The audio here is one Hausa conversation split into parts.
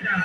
Bye.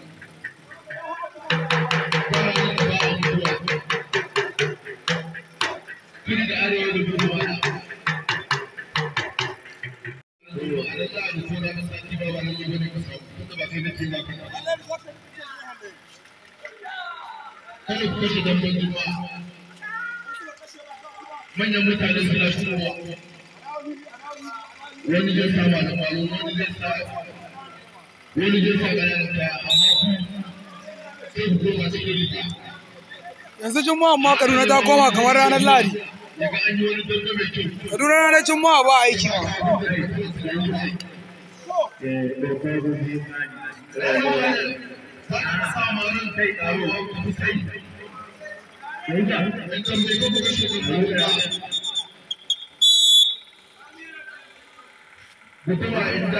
da arewa amma Yanzu Juma'a ma Kaduna ta koma kamar ranar Lahadi. Kaduna ranar Juma'a ba aiki. Mutuwa inda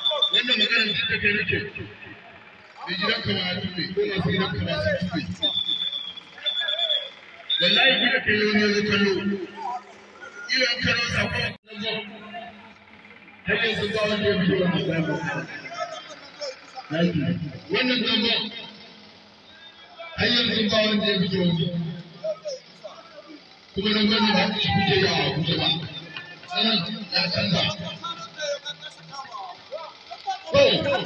wannan magana duk da kai nake mai gidan ka ko masu gidan ka wallahi gida kallo ila sako zo har ba wanda ya biyo wannan wannan zambo har ba wanda ya kuma nan gwamnati ba shi ba ya canza সবার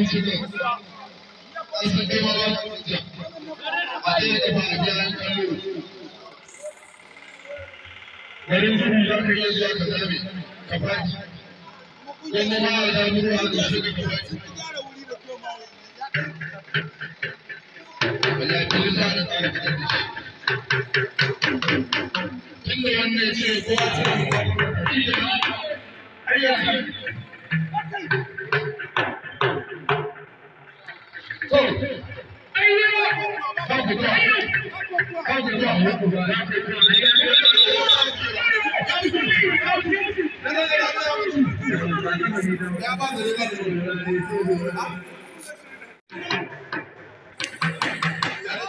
উচিত garin su za ka iya zuwa ka zabe ka faɗi don ma da damuwa da shi ka faɗi Tunda wannan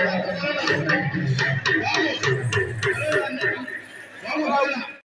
Thank you.